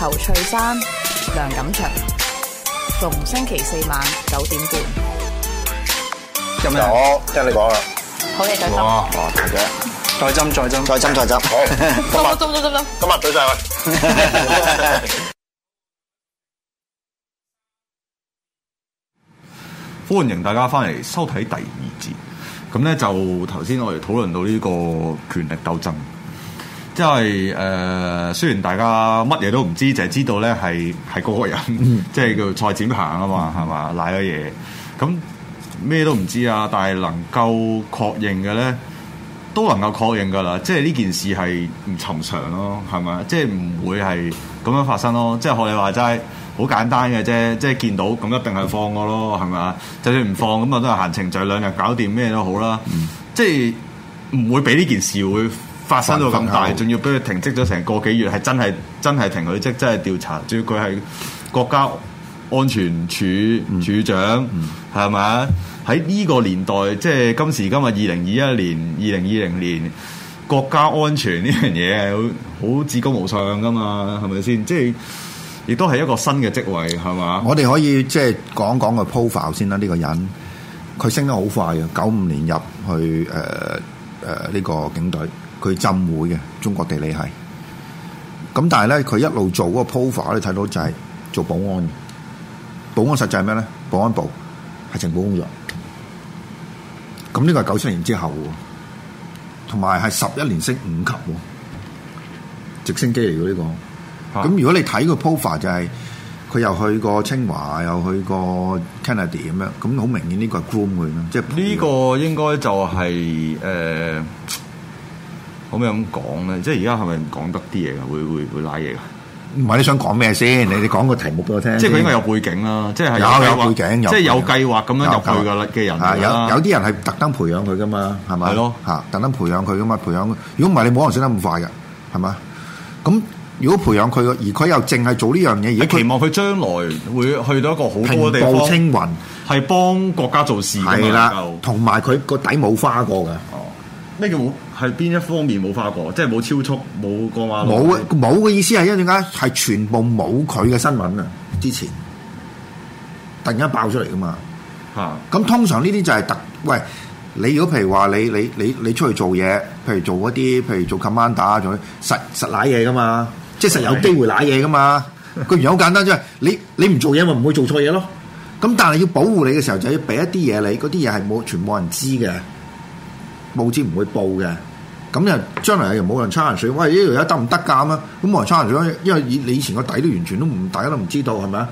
侯翠珊、梁錦祥，逢星期四晚九點半。有咩？我聽你講啦。好，你再斟。再斟，再斟，再斟，好 今日天， 今日，再 歡迎大家翻嚟收睇第二節。咁咧就頭先我哋討論到呢個權力鬥爭。因為誒、呃，雖然大家乜嘢都唔知，淨係知道咧係係嗰個人，嗯、即係叫蔡展鵬啊嘛，係嘛，賴咗嘢，咁咩都唔知啊。但係能夠確認嘅咧，都能夠確認噶啦。即係呢件事係唔尋常咯，係咪？即係唔會係咁樣發生咯。即係學你話齋，好簡單嘅啫。即係見到咁一定係放我咯，係咪？就算唔放咁，我都係閒情，就兩日搞掂咩都好啦，嗯。即係唔會俾呢件事會。發生到咁大，仲要俾佢停職咗成個幾月，係真係真係停佢職，真係調查。主要佢係國家安全處處、嗯、長，係咪啊？喺呢個年代，即係今時今日，二零二一年、二零二零年，國家安全呢樣嘢係好至高無上噶嘛？係咪先？即係亦都係一個新嘅職位，係嘛？我哋可以即係講講個 profile 先啦。呢、這個人佢升得好快嘅，九五年入去誒呢、呃呃呢個警隊。佢浸會嘅中國地理系，咁但係咧佢一路做嗰個 profile 你睇到就係做保安嘅，保安實際係咩咧？保安部係情報工作，咁呢個係九七年之後喎，同埋係十一年升五級喎，直升機嚟嘅呢個。咁、啊、如果你睇個 profile 就係、是、佢又去過清華，又去過 Kennedy 咁樣，咁好明顯呢個係官會咯，即係呢個應該就係、是、誒。呃咁樣講咧，即係而家係咪講得啲嘢會會會拉嘢噶？唔係你想講咩先？ 你你講個題目俾我聽。即係佢應該有背景啦、啊， 即係有，有背景，即係有計劃咁樣入去嘅嘅人有有啲人係特登培養佢噶嘛，係咪？咯，特登培養佢噶嘛，培養。如果唔係，你冇可能升得咁快㗎，係嘛？咁如果培養佢，而佢又淨係做呢樣嘢，而期望佢將來會去到一個好嘅地方，平步青雲，係幫國家做事㗎嘛。同埋佢個底冇花過嘅。咩、哦、叫係邊一方面冇花過，即係冇超速，冇過馬路？冇，冇嘅意思係，因為點解係全部冇佢嘅新聞啊？之前突然間爆出嚟噶嘛？啊！咁通常呢啲就係突，喂，你如果譬如話你你你你，你出去做嘢，譬如做嗰啲譬如做 commander 仲有實實瀨嘢噶嘛？即係實有機會瀨嘢噶嘛？個原因好簡單，即 係你你唔做嘢咪唔會做錯嘢咯。咁但係要保護你嘅時候，就要俾一啲嘢你，嗰啲嘢係冇全冇人知嘅，報紙唔會報嘅。咁又將來又冇人差人水，喂！呢度有得唔得㗎啊？咁冇人差人水，因為以你以前個底都完全都唔，大家都唔知道係咪啊？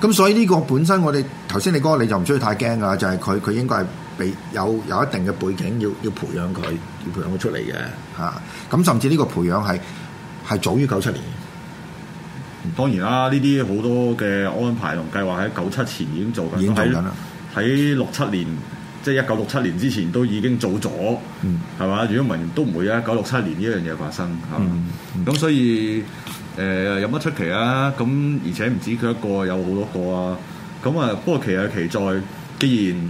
咁所以呢個本身我哋頭先你講，你就唔需要太驚㗎喇，就係佢佢應該係俾有有一定嘅背景，要要培養佢，要培養佢出嚟嘅吓。咁甚至呢個培養係係早於九七年。當然啦，呢啲好多嘅安排同計劃喺九七前已經做緊，已經做緊啦，喺六七年。即係一九六七年之前都已經做咗，係、嗯、嘛？如果唔係都唔會有一九六七年呢一樣嘢發生，係嘛？咁、嗯嗯、所以誒、呃、有乜出奇啊？咁而且唔止佢一個，有好多個啊！咁啊，不過奇係奇在，既然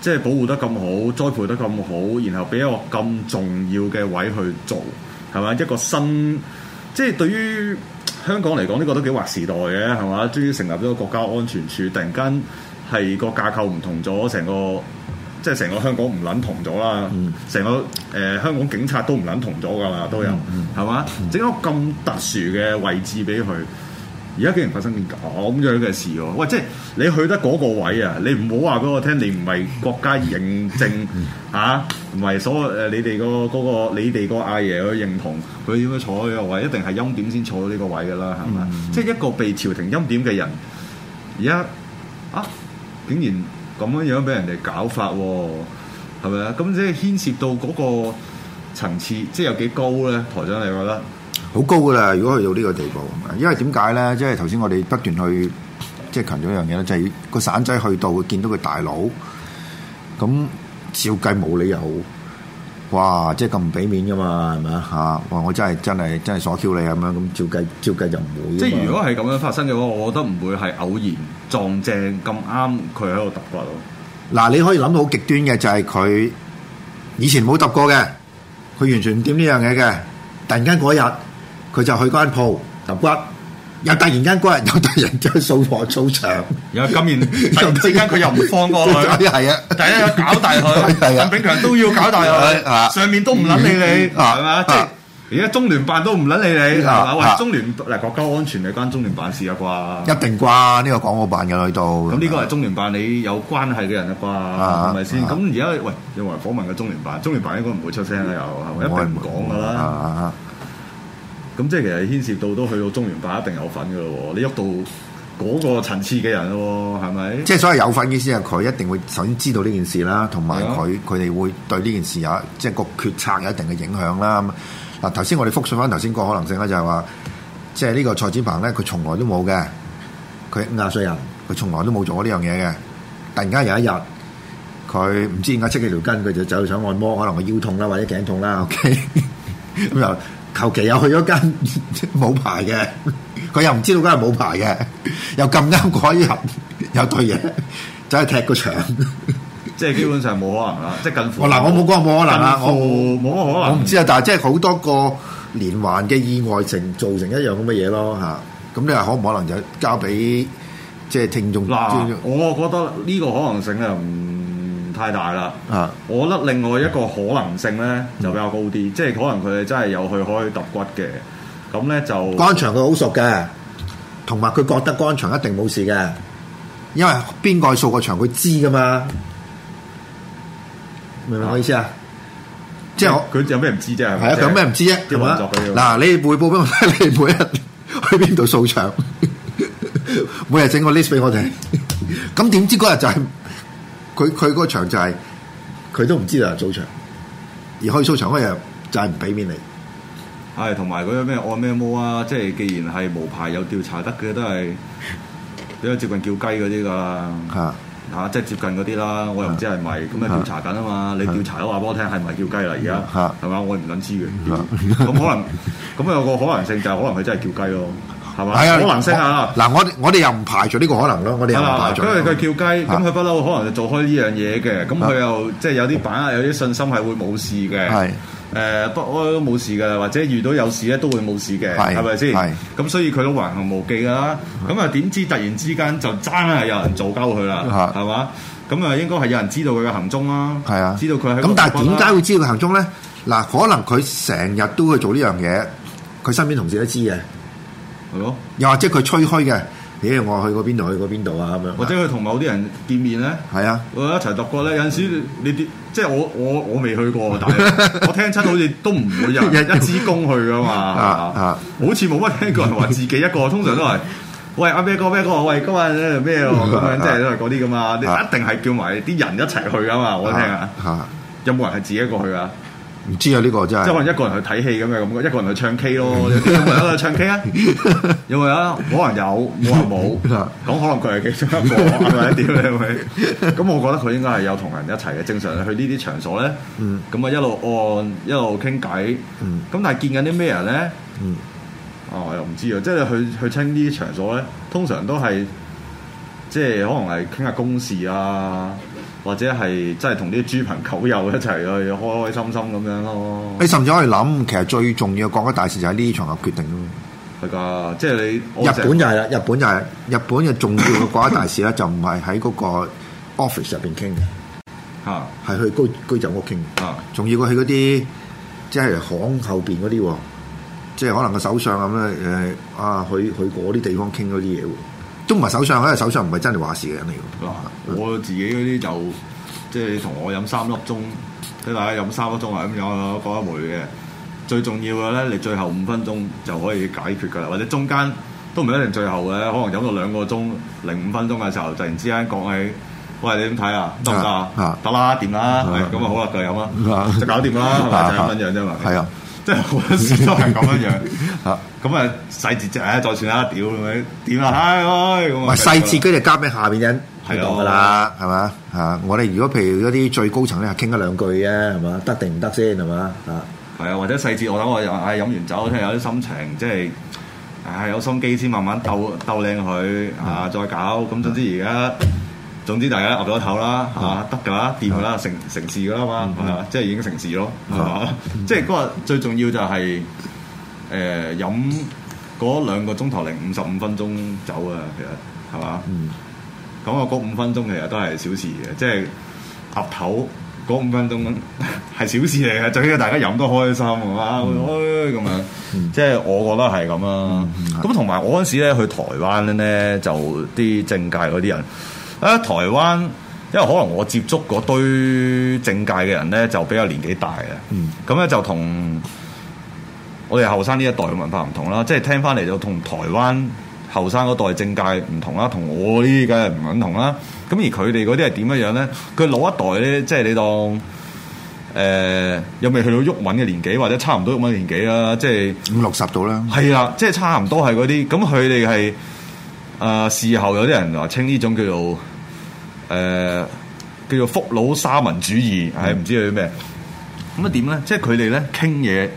即係、就是、保護得咁好，栽培得咁好，然後俾一個咁重要嘅位去做，係嘛？一個新即係、就是、對於香港嚟講，呢、這個都幾劃時代嘅，係嘛？終於成立咗國家安全處，突然間。係個架構唔同咗，成個，即係成個香港唔捻同咗啦，成、嗯、個誒、呃、香港警察都唔捻同咗噶啦，都有係嘛？整咗咁特殊嘅位置俾佢，而家竟然發生咁樣嘅事哦、啊！喂，即係你去得嗰個位啊，你唔好話俾我聽，你唔係國家認證吓，唔、嗯、係、啊、所誒你哋、那個嗰個你哋個阿爺去認同佢點樣坐呢個位，一定係欽點先坐到呢個位噶啦，係嘛、嗯嗯？即係一個被朝廷欽點嘅人，而家啊！竟然咁樣樣俾人哋搞法喎，係咪啊？咁即係牽涉到嗰個層次，即係有幾高咧？台長你覺得好高㗎啦？如果去到呢個地步，因為點解咧？即係頭先我哋不斷去即係強調一樣嘢咧，就係、是、個散仔去到會見到佢大佬，咁照計冇理由好。哇！即係咁唔俾面㗎嘛，係咪啊？哇！我真係真係真係傻 Q，你咁樣，咁照計照計就唔會的。即係如果係咁樣發生嘅話，我覺得唔會係偶然撞正咁啱佢喺度揼骨咯。嗱，你可以諗到好極端嘅就係佢以前冇揼過嘅，佢完全唔掂呢樣嘢嘅，突然間嗰日佢就去那間鋪揼骨。又突然間嗰日又突然再掃黃掃場，又今年突然間佢 又唔放過佢，係 啊，第一、啊、搞大佢，連、啊啊、炳強都要搞大佢、啊，上面都唔撚理你，係、嗯、嘛、啊？即係而家中聯辦都唔撚理你，係、啊、嘛？喂，啊、中聯嗱國家安全係關中聯辦事啊啩，一定啩，呢、這個港澳辦嘅喺度。咁呢個係中聯辦你有關係嘅人的啊啩，係咪先？咁而家喂又話訪問嘅中聯辦，中聯辦應該唔會出聲啦，又、嗯啊啊、一定唔講噶啦。啊咁即係其實牽涉到都去到中聯辦，一定有份噶咯喎，你喐到嗰個層次嘅人咯，係咪？即係所謂有份嘅意思係佢一定會首先知道呢件事啦，同埋佢佢哋會對呢件事有即係個決策有一定嘅影響啦。嗱，頭先我哋複述翻頭先個可能性咧，就係話，即係呢個蔡展鵬咧，佢從來都冇嘅，佢五十歲人，佢從來都冇做過呢樣嘢嘅，突然間有一日，佢唔知點解戚幾條筋，佢就走想按摩，可能個腰痛啦或者頸痛啦，OK，咁又。求其又去咗間冇牌嘅，佢又唔知道間係冇牌嘅，又咁啱嗰日有對嘢，走去踢個場，即係基本上冇可能啦， 即係近，近乎。我嗱，我冇講冇可能啦，我冇乜可能。我唔知啊，但係即係好多個連環嘅意外性造成一樣咁嘅嘢咯嚇。咁你話可唔可能就交俾即係聽眾？嗱，我覺得呢個可能性啊唔～太大啦！啊，我覺得另外一個可能性咧就比較高啲、嗯，即係可能佢真係有去開揼骨嘅，咁咧就。乾場佢好熟嘅，同埋佢覺得乾場一定冇事嘅，因為邊個掃個場佢知㗎嘛。啊、明唔明我意思啊？即係佢有咩唔知啫？係啊，佢、就係、有咩唔知啫？點、就、解、係？嗱、就係，你哋匯報俾我，睇，你每日去邊度掃場， 每日整個 list 俾我睇。咁 點知嗰日就係、係？佢佢個場就係佢都唔知道係早場，而開早場嗰日就係唔俾面你，係同埋嗰啲咩按摩啊，即係既然係無牌有調查得嘅都係比較接近叫雞嗰啲㗎，啦、啊啊、即係接近嗰啲啦，我又唔知係咪咁啊調查緊啊嘛，你調查咗我話俾我聽係唔係叫雞啦而家，係、啊、咪我唔想知嘅，咁、啊、可能咁 有個可能性就係可能佢真係叫雞咯。係啊，可能升下嗱，我我哋又唔排除呢個可能咯，我哋又唔排除。因為佢叫雞，咁佢不嬲，啊、可能做開呢樣嘢嘅，咁佢又、啊、即係有啲把握，有啲信心係會冇事嘅。係誒、啊呃，不嬲都冇事噶，或者遇到有事咧都會冇事嘅，係咪先？係咁、啊啊，所以佢都橫行無忌噶啦。咁啊，點知突然之間就真係有人做鳩佢啦？係嘛？咁啊，應該係有人知道佢嘅行蹤啦。係啊，知道佢。咁但係點解會知道佢行蹤咧？嗱、啊，可能佢成日都去做呢樣嘢，佢身邊同事都知嘅。係咯、啊，又或者佢吹噓嘅，咦、哎？我去過邊度，去過邊度啊咁樣、啊，或者佢同某啲人見面咧，係啊，我一齊讀過咧，有陣時你啲，即係我我我未去過，但係我聽親好似都唔會有一支公去噶嘛，啊 啊啊、好似冇乜聽過人話自己一個，通常都係喂阿咩哥咩哥，喂今日咩咁樣，即係都係嗰啲噶嘛，你一定係叫埋啲人一齊去噶嘛，我聽啊，啊，有冇人係自己一個去啊？唔知啊！呢、呢個真係即係可能一個人去睇戲咁嘅感覺，一個人去唱 K 咯。有冇人去唱 K 啊？有冇啊？可能有，冇話冇。咁可能佢係幾辛苦係咪一啲咧？咁我覺得佢應該係有同人一齊嘅。正常去呢啲場所咧，咁、嗯、啊一路按一路傾偈。咁、嗯、但係見緊啲咩人咧？哦、啊，又唔知啊！即係去去親呢啲場所咧，通常都係即係可能係傾下公事啊。或者係真係同啲豬朋狗友一齊去開開心心咁樣咯。你甚至可以諗，其實最重要嘅國家大事就係呢場合決定咯。係㗎，即係你日本就係啦，日本就係、係、日本嘅、就係就係、重要嘅國家大事咧，就唔係喺嗰個 office 入邊傾嘅，嚇係去居居酒屋傾 啊，仲要佢去嗰啲即係行後邊嗰啲，即係可能個首相咁咧誒啊，去去嗰啲地方傾嗰啲嘢中埋手上，喺度手上唔係真係話事嘅，肯定。嗱，我自己嗰啲就即係同我飲三粒鐘，即大家飲三個鐘啊咁有講一回嘅。最重要嘅咧，你最後五分鐘就可以解決㗎啦，或者中間都唔一定最後嘅，可能飲到兩個鐘零五分鐘嘅時候，突然之間講起，喂你點睇啊？得唔得啊？得、啊啊、啦，掂啦，咁啊、哎、就好啦，繼續飲啦，就搞掂啦、啊，就係、是、咁樣、啊啊、樣啫嘛。係啊，即係好多時都係咁樣樣。啊 咁、嗯、啊，細節啫，再算啦，屌咁你，點啊？唉，係細節，佢哋交俾下邊人係度噶啦，係嘛？嚇！我哋如果譬如嗰啲最高層咧，傾一兩句嘅，係嘛？得定唔得先，係嘛？嚇！係啊，或者細節，我諗我又飲完酒，即係有啲心情，即係唉有心機先慢慢鬥鬥靚佢嚇，再搞。咁總之而家，總之大家岌咗頭啦，嚇得㗎啦，掂㗎啦，成成事㗎啦嘛，係嘛？即係已經成事咯，係、嗯、嘛？即係嗰個最重要就係、是。誒、呃，飲嗰兩個鐘頭零五十五分鐘走啊，其實係嘛？講、嗯、個嗰五分鐘其實都係小事嘅，即係額頭嗰五、那個、分鐘係小事嚟嘅，最緊要大家飲都開心啊嘛，咁樣，即、嗯、係、嗯嗯就是、我覺得係咁啦。咁同埋我嗰時咧去台灣咧，就啲政界嗰啲人啊，台灣因為可能我接觸嗰堆政界嘅人咧，就比較年紀大啊，咁、嗯、咧就同。我哋後生呢一代嘅文化唔同啦，即係聽翻嚟就同台灣後生嗰代政界唔同啦，同我呢啲梗係唔肯同啦。咁而佢哋嗰啲係點嘅樣咧？佢老一代咧，即係你當誒、呃、又未去到郁穩嘅年紀，或者差唔多郁穩嘅年紀啦，即係五六十度啦。係啦，即係差唔多係嗰啲。咁佢哋係誒事後有啲人話稱呢種叫做誒、呃、叫做福佬沙文主義，誒、嗯、唔知佢咩咁啊？點咧？即係佢哋咧傾嘢。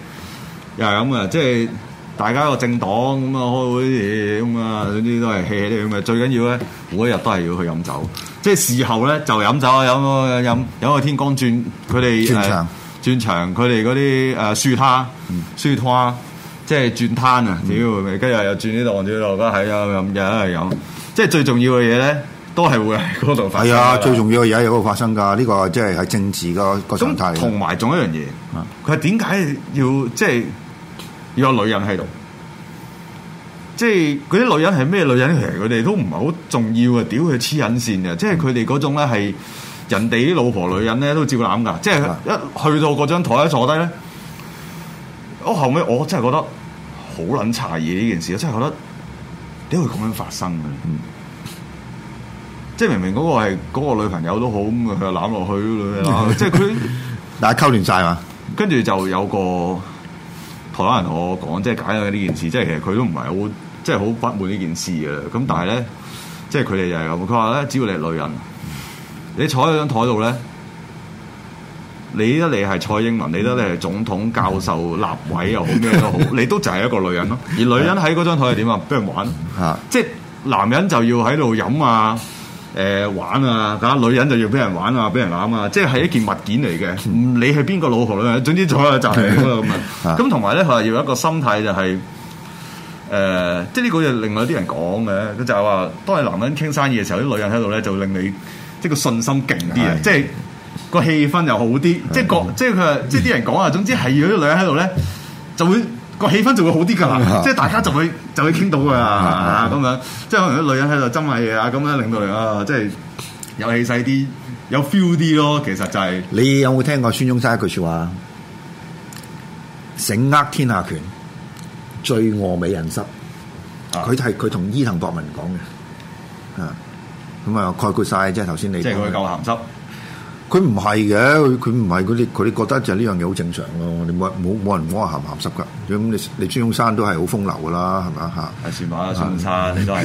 又係咁啊！即係大家個政黨咁啊，開會啲嘢咁啊，嗰啲都係 hea 啲咁嘅。最緊要咧，每一日都係要去飲酒。即係事後咧，就飲酒啊，飲飲飲個天光，轉佢哋轉場，轉場佢哋嗰啲誒書攤書攤，即係轉攤啊！屌，今日又轉呢度，轉呢度，梗係又飲，又係飲。即係最重要嘅嘢咧，都係會喺嗰度發生。係啊，最重要嘅嘢又好發生㗎。呢個即係喺政治個狀態。咁同埋仲一樣嘢，佢係點解要即係？有女人喺度，即係嗰啲女人係咩女人？其實佢哋都唔係好重要嘅。屌佢黐引線嘅，嗯、即係佢哋嗰種咧係人哋啲老婆女人咧都照攬噶，嗯、即係一去到嗰張台一坐低咧。我後尾我真係覺得好撚邪嘢呢件事，真係覺得點會咁樣發生嘅？嗯、即係明明嗰個係嗰個女朋友都好，咁佢攬落去咯，嗯、即係佢大家溝聯晒嘛？跟 住就有個。台灣人同我講，即係解咗呢件事，即係其實佢都唔係好，即係好不滿呢件事嘅。咁但係咧，即係佢哋又係咁，佢話咧，只要你係女人，你坐喺張台度咧，你得你係蔡英文，你得你係總統、教授立委、立委又好咩都好，你都就係一個女人咯。 而女人喺嗰張台係點啊？俾人玩， 即係男人就要喺度飲啊！誒、呃、玩啊，嚇！女人就要俾人玩啊，俾人攬啊，即係一件物件嚟嘅。你係邊個老婆女人？總之仲、嗯就是嗯嗯、有係咁啊咁啊。咁同埋咧，佢話要一個心態就係、是、誒、呃，即係呢個是人說的就另外有啲人講嘅。佢就係話，當係男人傾生意嘅時候，啲女人喺度咧，就令你即係個信心勁啲啊！即係個氣氛又好啲。即係個即係佢，即係啲人講啊。總之係要啲女人喺度咧，就會，個氣氛就會好啲㗎， 即係大家就會就會傾到㗎，咁 樣即係可能啲女人喺度真下啊，咁樣令到嚟啊，即係有氣勢啲，有 feel 啲咯。其實就係、是、你有冇聽過孫中山一句説話？「醒握天下權，醉臥美人膝」，佢係佢同伊藤博文講嘅，啊，咁 啊樂概括晒，即係頭先你講嘅。即係佢夠鹹濕。佢唔係嘅，佢唔係嗰啲，佢哋覺得就係呢樣嘢好正常咯。你冇冇冇人摸話鹹鹹濕噶。咁你你孫中山都係好風流噶啦，係咪啊？係算吧，孫中山你都係，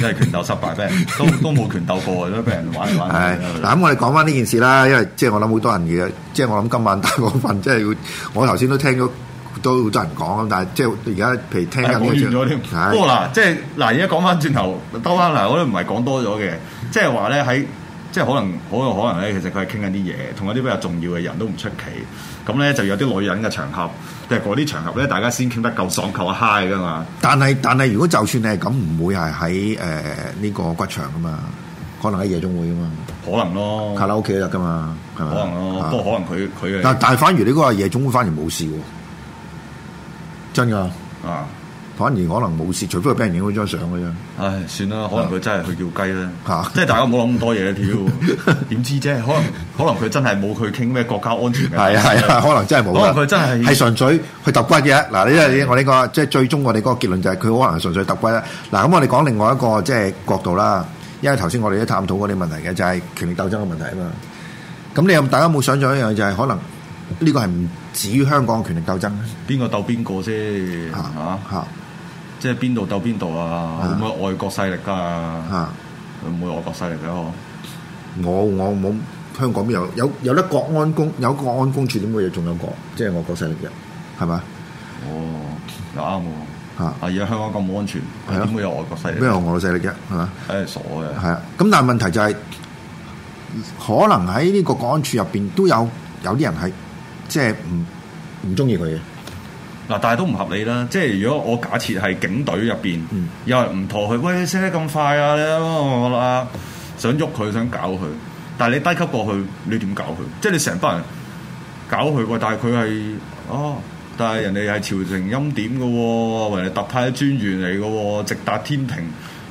因 為拳鬥失敗，俾 人都都冇拳鬥過，都 俾人玩玩。嗱咁，我哋講翻呢件事啦，因為即係、就是、我諗好多人嘅，即、就、係、是、我諗今晚大部分，即、就、係、是、我頭先都聽咗都好多人講咁，但係即係而家譬如聽緊。係。不過嗱，即係嗱，而家講翻轉頭，兜翻嗱，我都唔係講多咗嘅，即係話咧喺。即係可能好有可能咧，其實佢係傾緊啲嘢，同一啲比較重要嘅人都唔出奇。咁咧就有啲女人嘅場合，即係嗰啲場合咧，大家先傾得夠爽口、high 噶嘛。但係但係，如果就算你係咁，唔會係喺誒呢個骨場噶嘛，可能喺夜總會噶嘛。可能咯，卡拉 OK 得噶嘛，可能咯，不過可能佢佢係。但係反而呢嗰個夜總會反而冇事喎，真㗎。啊！反而可能冇事，除非佢俾人影咗張相嘅啫。唉，算啦，可能佢真係去叫雞啦。吓、啊，即係大家冇諗咁多嘢，屌，點知啫？可能可能佢真係冇去傾咩國家安全嘅。係 係，可能真係冇啦。可能佢真係係純粹去揼骨嘅。嗱，呢啲我呢、嗰個即係最終我哋嗰個結論就係佢可能純粹揼骨啦。嗱，咁我哋講另外一個即係角度啦。因為頭先我哋都探討過啲問題嘅，就係、是、權力鬥爭嘅問題啊嘛。咁你又大家冇想象一樣就係、是、可能呢個係唔止於香港嘅權力鬥爭，邊個鬥邊個先吓？啊啊即係邊度鬥邊度啊？唔會外國勢力噶、啊、嚇，唔會外國勢力嘅、啊、嗬。我我冇香港邊有有有得國安公有國安公署點會有仲有國即係、就是、外國勢力嘅、啊？係咪哦，又啱喎嚇！而家香港咁冇安全，係啊，點會有外國勢力、啊，邊有外國勢力啫、啊？係咪？誒、欸，傻嘅。係啊，咁但係問題就係、是，可能喺呢個國安處入邊都有有啲人係即係唔唔中意佢嘅。就是嗱，但係都唔合理啦。即係如果我假設係警隊入邊、嗯，有人唔妥佢，喂，你升得咁快啊！你我啊想喐佢，想搞佢。但係你低級過去，你點搞佢？即係你成班人搞佢喎。但係佢係，哦，但係人哋係朝廷欽點嘅喎，人哋特派專員嚟嘅喎，直達天庭。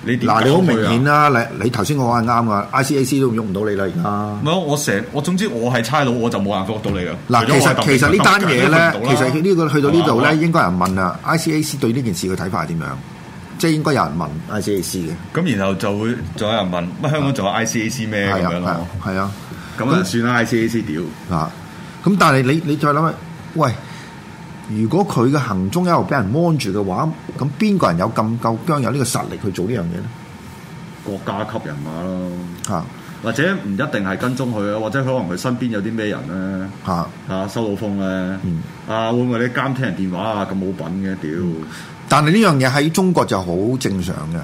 嗱，你好明顯啦、啊，你剛才話了你頭先講係啱啊 ICAC 都喐唔到你啦，而家。唔係我成，我總之我係差佬，我就冇辦法捉到你啦。嗱，其實其實呢單嘢咧，其實呢、這個去到呢度咧，應該有人問啊。ICAC 對呢件事嘅睇法係點樣？即係應該有人問 ICAC 嘅。咁然後就會仲有人問，乜香港仲有 ICAC 咩咁啊，咯？係啊，咁啊算啦，ICAC 屌啊！咁但係你你再諗下，喂。如果佢嘅行蹤一路俾人 mon 住嘅話，咁邊個人有咁夠姜有呢個實力去做這件事呢樣嘢咧？國家級人物咯，吓，或者唔一定係跟蹤佢啊，或者可能佢身邊有啲咩人咧，吓吓，啊啊，收到風咧，嗯，啊，會唔會你監聽人電話啊？咁冇品嘅！屌，嗯！但係呢樣嘢喺中國就好正常嘅，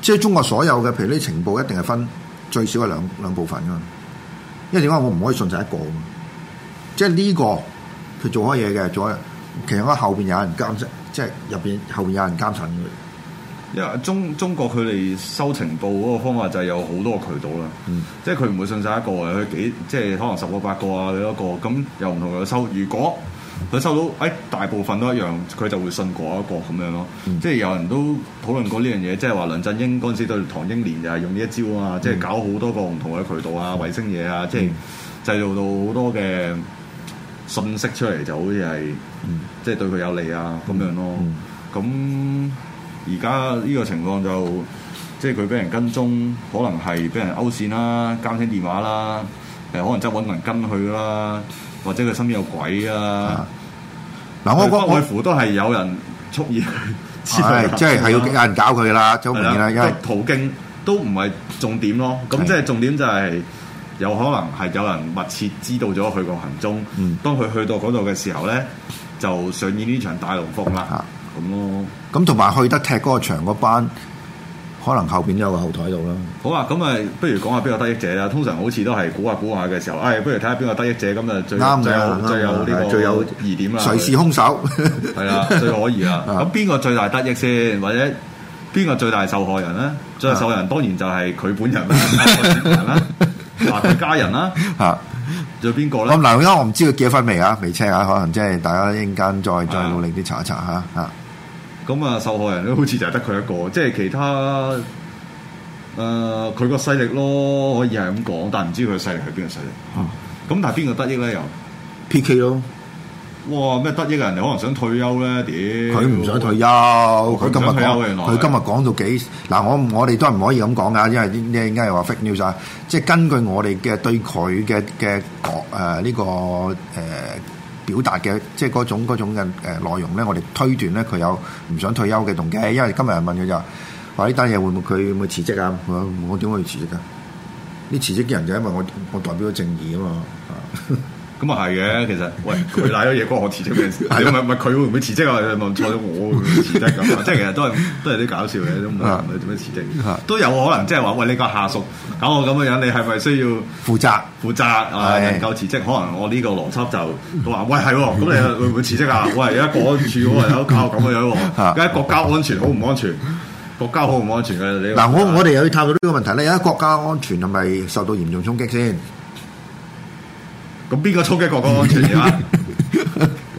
即、就、係、是、中國所有嘅，譬如呢啲情報一定係分最少係兩兩部分噶，因為點解我唔可以信晒一個？即係呢個佢做開嘢嘅，做其實我後邊有人監，即即係入邊後邊有人監察佢，因為中中國佢哋收情報嗰個方法就係有好多個渠道啦，嗯、即係佢唔會信晒一個，有幾即係可能十個八個啊幾多個咁又唔同佢收。如果佢收到誒、哎、大部分都一樣，佢就會信嗰一個咁樣咯。嗯、即係有人都討論過呢樣嘢，即係話梁振英嗰陣時對唐英年就係用呢一招啊，嗯、即係搞好多個唔同嘅渠道啊、衛星嘢啊，嗯、即係製造到好多嘅。信息出嚟就好似係、嗯，即係對佢有利啊咁樣咯。咁而家呢個情況就，即係佢俾人跟蹤，可能係俾人勾線啦、啊、監聽電話啦、啊，誒、呃、可能真係搵人跟佢啦、啊，或者佢身邊有鬼啊。嗱、啊，我覺得外乎都係有人蓄意去。 即係係要有人搞佢啦，即係途徑都唔係重點咯，咁即係重點就係、是。有可能係有人密切知道咗佢個行蹤。嗯、當佢去到嗰度嘅時候咧，就上演呢場大龍鳳啦。咁、嗯、咯，咁同埋去得踢嗰個場嗰班，可能後邊有個後台度啦。好啊，咁啊，不如講下邊個得益者啦。通常好似都係估下估下嘅時候，誒、哎，不如睇下邊個得益者咁啊，最啱最有呢個，最有疑點啦。誰是兇手？係啦，最可疑啦。咁邊個最大得益先？或者邊個最大受害人咧？最大受害人當然就係佢本人啦、啊。 嗱 佢、啊、家人啦、啊，吓， 仲有邊個咧？咁嗱，而家我唔知佢結婚未啊？未清啊？可能即係大家一陣間再 再努力啲查一查吓吓。咁啊，啊，受害人咧好似就係得佢一個，即係其他誒，佢個勢力咯，可以係咁講，但係唔知佢勢力係邊個勢力咁、啊、但係邊個得益咧？又 P K 咯。哇！咩得益嘅人嚟？可能想退休咧？屌、哎！佢唔想退休，佢、哦、今日佢今日講到幾嗱？我我哋都唔可以咁講噶，因為你啲應該係話 fake news 啊！即係根據我哋嘅對佢嘅嘅講呢個誒、呃、表達嘅，即係嗰種嗰種嘅誒、呃、內容咧，我哋推斷咧佢有唔想退休嘅動機。因為今日人問佢就話：呢單嘢會唔會佢會，會辭職啊？我點會辭職嘅、啊？呢辭職嘅人就因為我我代表咗正義啊嘛！啊 咁啊，係嘅，其實喂，佢賴咗嘢，關我辭職咩事？係咪佢會唔會辭職啊？問錯咗我會辭職咁啊？即 係其實都係都係啲搞笑嘅，都唔係點樣辭職，都有可能即係話喂，你個下屬搞我咁嘅樣，你係咪需要負責負責啊？能夠辭職？可能我呢個邏輯就話喂，係咁你會唔會辭職啊？喂，而家 國安處我有搞咁嘅樣，而家國家安全好唔安全？國家好唔安全嘅？嗱、 啊，我我哋又要探討呢個問題咧。而家國家安全係咪受到嚴重衝擊先？咁邊個衝擊國家安全嘅話？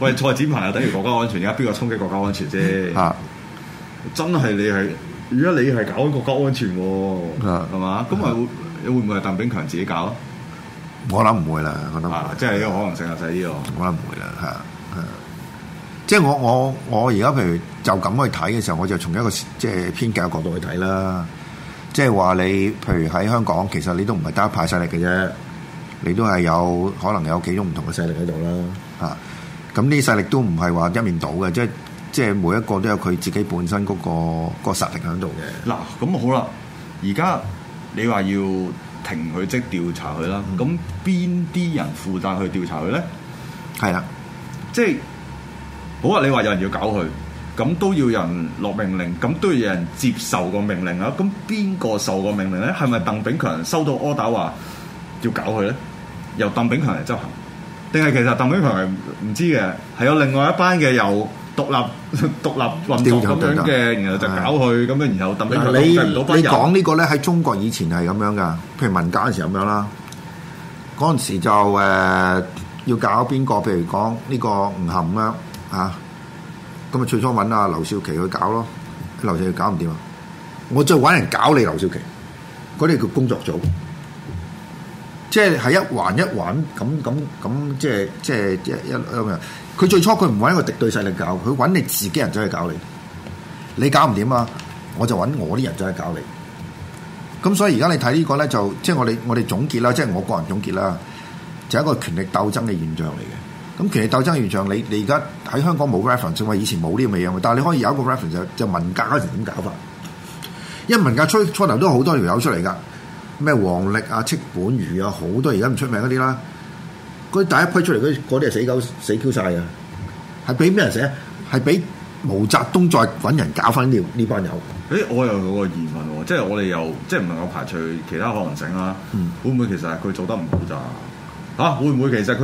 喂，蔡展明又等於國家安全，而家邊個衝擊國家安全啫？啊！ 真係你係，而家你係搞國家安全喎？係 嘛？咁啊，會唔會係鄧炳強自己搞啊？我諗唔會啦，我諗啊， 即係有可能性啊，就係呢個。我諗唔會啦，嚇啊！即係我我我而家譬如就咁去睇嘅時候，我就從一個即係偏解角度去睇啦。即係話你譬如喺香港，其實你都唔係得一派勢力嘅啫。你都係有可能有幾種唔同嘅勢力喺度啦，嚇、啊！咁呢勢力都唔係話一面倒嘅，即係即係每一個都有佢自己本身嗰、嗰個、嗰個實力喺度嘅。嗱，咁好啦，而家你話要停佢即係調查佢啦，咁邊啲人負責去調查佢咧？係啦，即係好啊！你話有人要搞佢，咁都要有人落命令，咁都要有人接受嗰個命令啦。咁邊個受個命令咧？係咪鄧炳強收到 order 話要搞佢咧？由鄧炳強嚟執行，定係其實鄧炳強係唔知嘅，係有另外一班嘅由獨立獨立運作咁樣嘅，然後就搞佢咁樣，然後鄧炳強做唔到。你你講呢個咧，喺中國以前係咁樣噶，譬如文革嘅時候咁樣啦。嗰陣時就誒要搞邊個？譬如講呢個吳晗啊，嚇咁啊，最初揾阿劉少奇去搞咯，劉少奇搞唔掂啊，我再揾人搞你，劉少奇嗰啲叫工作組。即係係一環一環咁咁咁，即係即係即係一一樣。佢最初佢唔揾一個敵對勢力搞，佢揾你自己人走去搞你。你搞唔掂啊？我就揾我啲人走去搞你。咁所以而家你睇呢、這個咧，就即係我哋我哋總結啦，即係我個人總結啦，就係、是、一個權力鬥爭嘅現象嚟嘅。咁權力鬥爭嘅現象，你你而家喺香港冇 reference，話以前冇呢啲嘢嘅，但係你可以有一個 reference 就就文革嗰陣點搞法。因為文革初初頭都好多條友出嚟㗎。咩王力啊、戚本禹啊，好多而家唔出名嗰啲啦。嗰啲第一批出嚟嗰啲係死狗死 Q 曬嘅，係俾咩人寫？係俾毛澤東再揾人搞翻呢呢班友。誒，我又有個疑問、哦，即係我哋又即係唔能夠排除其他可能性啦。嗯，會唔會其實係佢做得唔好咋、啊？嚇、啊，會唔會其實佢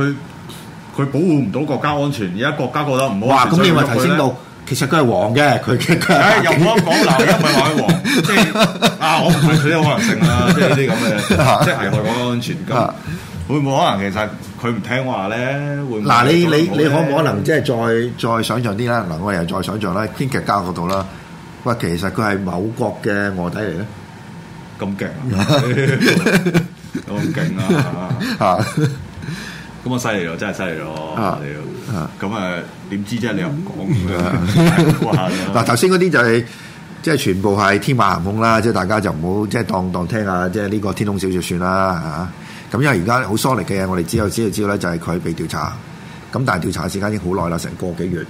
佢保護唔到國家安全？而家國家覺得唔可以。哇，咁你咪提升到？其實佢係黃嘅，佢嘅。唉，又冇得講，嗱，又唔係話佢黃，即係啊，我唔允許呢個可能性啦，即係呢啲咁嘅，即係外國安全。會唔會可能，其實佢唔聽話咧？會，嗱，你你你可唔可能即係再再想象啲啦？嗱，我又再想象啦，編劇家嗰度啦。喂，其實佢係某國嘅卧底嚟咧。咁勁，咁勁啊！吓，咁我犀利咗，真係犀利咗啊！咁啊，點知啫？你又唔講咁，嗱，頭先嗰啲就係即係全部係天馬行空啦，即係大家就唔好即係當當聽下，即係呢個天空小說算啦嚇。咁因為而家好疏離嘅嘢，我哋只有只有知道咧，嗯、知道就係佢被調查。咁但係調查時間已經好耐啦，成個幾月。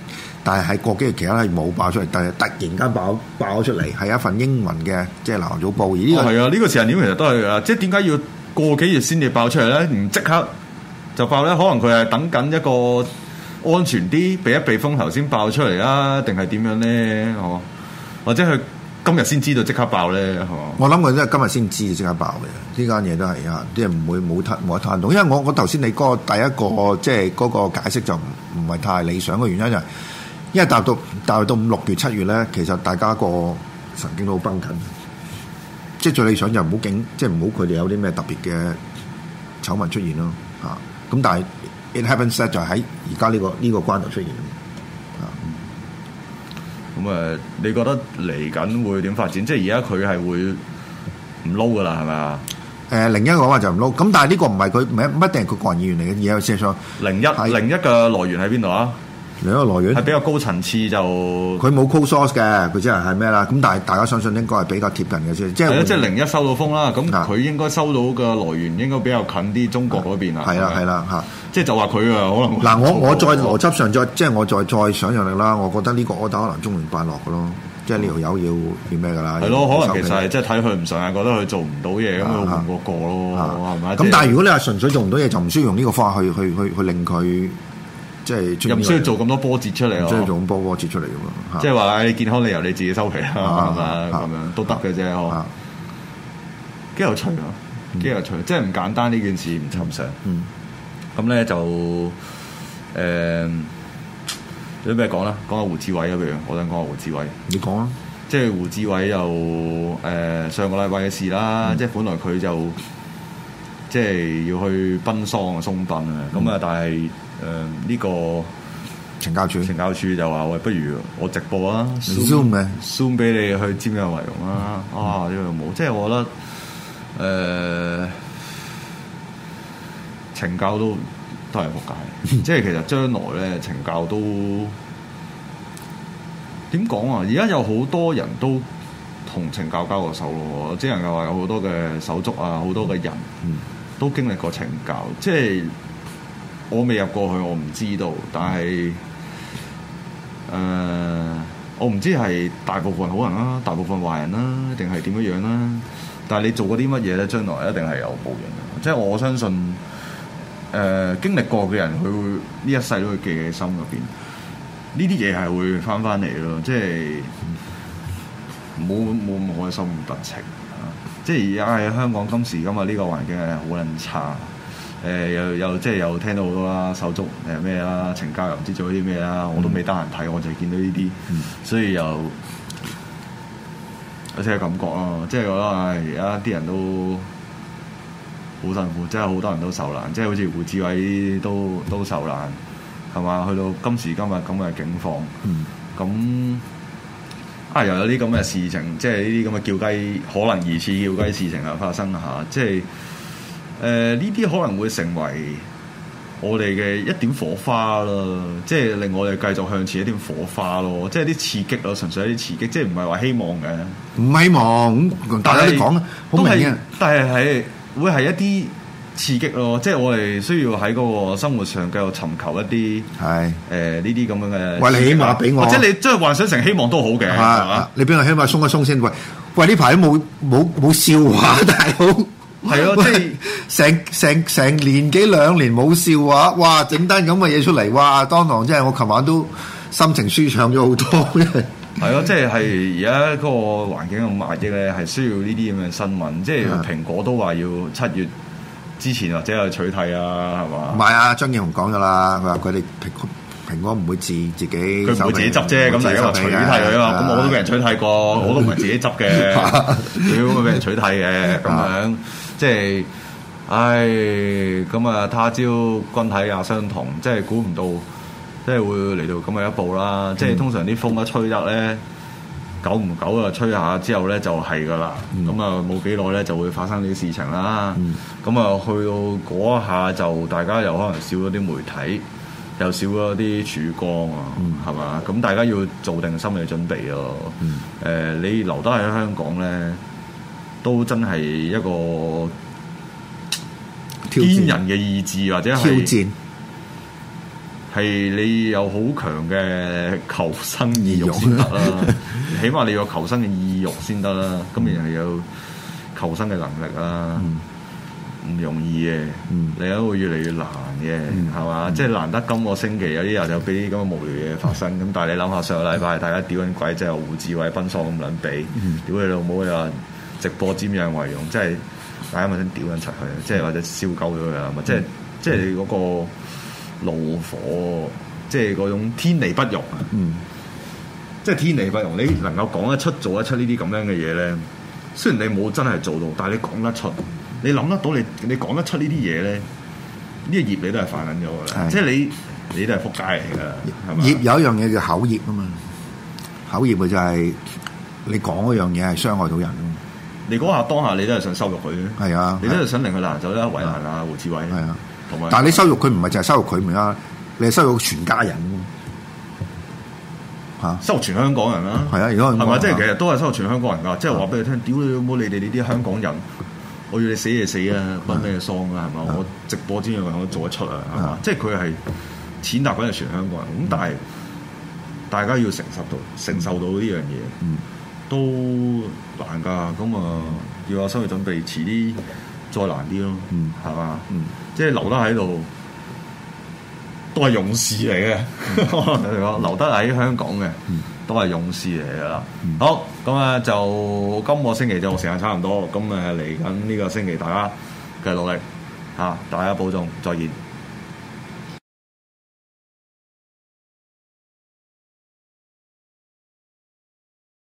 但係喺個幾月期間係冇爆出嚟，但係突然間爆爆咗出嚟，係一份英文嘅即係《南華早報》哦，係啊，呢個時間點其實都係啊，即係點解要個幾月先至爆出嚟咧？唔即刻就爆咧？可能佢係等緊一個。安全啲，避一避風頭先爆出嚟啊？定係點樣咧？係嘛？或者佢今日先知道即刻爆咧？係嘛？我諗佢真係今日先知即刻爆嘅，呢間嘢都係啊！啲人唔會冇探冇探到，因為我我頭先你嗰、嗰個第一個即係嗰個解釋就唔唔係太理想嘅原因就係、係，因為達到達到五六月七月咧，其實大家個神經都好崩緊，即係最理想就唔好警，即係唔好佢哋有啲咩特別嘅醜聞出現咯嚇。咁但係。It happens that 就喺而家呢個呢、呢個關度出現啊，咁、嗯、啊、嗯，你覺得嚟緊會點發展？即係而家佢係會唔撈噶啦，係咪啊？誒、呃，另一個話就唔撈，咁但係呢個唔係佢，唔一定係佢個人意見嚟嘅，而係社商。另一另一嘅來源喺邊度啊？另一個來源係比較高層次，就佢冇 coal source 嘅，佢即係係咩啦？咁但係大家相信應該係比較貼近嘅先，即係即係零一收到風啦。咁佢應該收到嘅來源應該比較近啲中國嗰邊啊。係啦係啦吓，即係就話佢啊可能嗱我我再邏輯上再即係我再再想像力啦。我覺得呢個柯打可能中聯辦落嘅咯，即係呢條友要要咩噶啦？係咯，可能其實即係睇佢唔順，覺得佢做唔到嘢，咁咪換個個咯，係咪？咁但係如果你話純粹做唔到嘢，就唔需要用呢個方法去去去去令佢。即係又唔需要做咁多波折出嚟，即係做咁多波折出嚟嘅，啊啊，即係話，你健康理由你自己收皮啦，係嘛咁樣，啊，都得嘅啫。嗬，啊啊啊，幾有趣嗬，幾有趣，嗯。即係唔簡單呢件事，唔尋常。咁，嗯，咧，嗯，就誒，呃、有啲咩講啦？講下胡志偉啊，譬如我想講下胡志偉，你講啦。即係胡志偉又誒上個禮拜嘅事啦，嗯，即係本來佢就即係要去奔喪啊，送殯啊，咁，嗯，啊，但係。誒、呃、呢，這個懲教署，懲教署就話喂，不如我直播 zoom, 啊，送 o 送俾你去占上麻用啊、嗯，啊，呢個冇，即係我覺得誒、懲、呃、教都都係扑街， 即係其實將來咧，懲教都點講啊？而家有好多人都同懲教交過手咯，我只能夠話有好多嘅手足啊，好多嘅人，都經歷過懲教，嗯、即係。我未入過去，我唔知道。但係，誒、呃，我唔知係大部分好人啦、啊，大部分壞人啦、啊，定係點樣樣、啊、啦。但係你做過啲乜嘢咧？將來一定係有報應嘅。即係我相信，誒、呃，經歷過嘅人，佢會呢一世都會記喺心入邊。呢啲嘢係會翻翻嚟咯。即係冇冇咁開心唔得情。即係而家係香港今時今日，呢個環境係好捻差。誒、呃、又又即係又聽到好多啦，手足誒咩啦，懲教又唔知做啲咩啦，我都未得閒睇，我就見到呢啲、嗯，所以又有一些感覺咯，即係覺得唉，而家啲人都好辛苦，即係好多人都受難，即係好似胡志偉都都受難，係嘛？去到今時今日咁嘅境況，咁、嗯、啊又有啲咁嘅事情，即係呢啲咁嘅叫雞，可能疑似叫雞事情又發生下。即係。誒呢啲可能會成為我哋嘅一點火花咯，即係令我哋繼續向前一點火花咯，即係啲刺激咯，純粹啲刺激，即係唔係話希望嘅？唔係希望，但係你講，都係，但係係會係一啲刺激咯，即係我哋需要喺嗰個生活上繼續尋求一啲係呢啲咁樣嘅。喂，你希望俾我，或者你真係幻想成希望都好嘅，係、啊、你俾我起碼鬆一鬆先，喂喂，呢排都冇冇冇笑話，但係好。 係咯，即係成成成年幾兩年冇笑話，哇！整單咁嘅嘢出嚟，哇！當堂即係我琴晚都心情舒暢咗好多。係咯，即係係而家嗰個環境咁壓抑咧，係需要呢啲咁嘅新聞。即係蘋果都話要七月之前或者去取締啊，係嘛？唔係啊，張建雄講咗啦，佢話佢哋蘋蘋果唔會自自己佢唔會自己執啫，咁大家取締佢啊嘛。咁我都俾人取締過，我都唔係自己執嘅，屌，我俾人取締嘅咁樣。即係，唉，咁啊，他朝君體也相同，即係估唔到，即係會嚟到咁嘅一步啦。嗯、即係通常啲風一吹得咧，久唔久啊，吹下之後咧就係噶啦。咁、嗯、啊，冇幾耐咧就會發生啲事情啦。咁、嗯、啊，去到嗰一下就大家又可能少咗啲媒體，又少咗啲曙光啊，係、嗯、嘛？咁大家要做定心理準備咯。誒、嗯呃，你留得喺香港咧？都真係一個堅忍嘅意志，挑戰或者係你有好強嘅求生意欲先得啦。 起碼你有求生嘅意欲先得啦。咁、嗯、然後有求生嘅能力啦，唔、嗯、容易嘅，嚟緊會越嚟越難嘅，嘛、嗯嗯？即係難得今個星期有啲人就俾啲咁嘅無聊嘢發生。咁、嗯、但係你諗下上個禮拜大家屌緊鬼，又、嗯就是、胡志偉奔喪咁撚畀屌你老母啊！直播佔養為用，即係大家咪先屌緊出佢，即係或者燒鳩咗佢啊！即係即係嗰個怒火，即係嗰種天理不容啊、嗯！即係天理不容。你能夠講得出、做得出呢啲咁樣嘅嘢咧，雖然你冇真係做到，但係你講得出，你諗得到你，你你講得出呢啲嘢咧，呢、呢個業你都係犯緊咗噶啦。即係你你都係仆街嚟噶，係嘛？業有一樣嘢叫口業啊嘛，口業就係你講嗰樣嘢係傷害到人的。你嗰下當下，你都係想羞辱佢。係啊，你都係想令佢難受，咧為難啊胡志偉。係啊，同埋、啊。但係你羞辱佢唔係淨係羞辱佢咪？啊？你係羞辱全家人噶。羞辱全香港人啦。係啊，啊，如果係咪？即係其實都係羞辱全香港人㗎。即係話俾你聽、啊，屌你冇你哋呢啲香港人，我要你死就死啦，問咩喪啊，係嘛？我直播之日我做得出啊，係嘛？即係佢係踐踏緊係全香港人咁、嗯，但係大家要承受到承受到呢樣嘢。嗯都難㗎，咁啊要有心理準備，遲啲再難啲咯，嗯，係嘛，嗯，即係留得喺度都係勇士嚟嘅，我、嗯、哋 留得喺香港嘅、嗯，都係勇士嚟嘅啦。好，咁啊就今個星期就時間差唔多，咁誒嚟緊呢個星期大家繼續努力嚇，大家保重，再見。